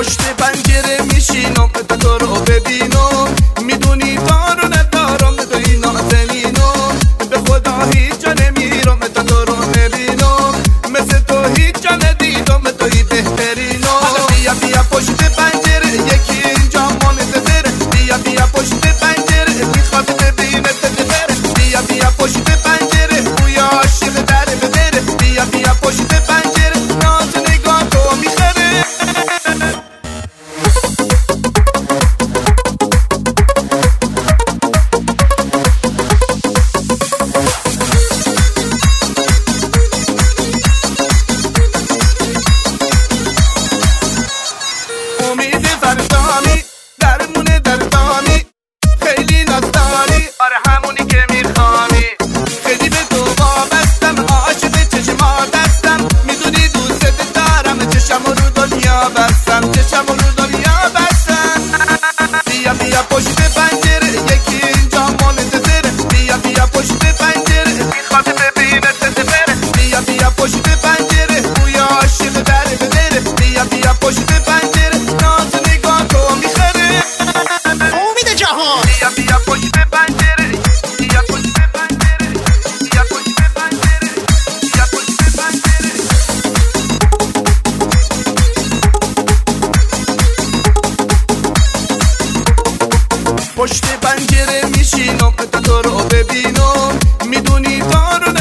پشت پنجره میشینم تا تو رو ببینم میدونی تو رو پشت پنجره میشینم تو تو رو ببینم میدونی کارو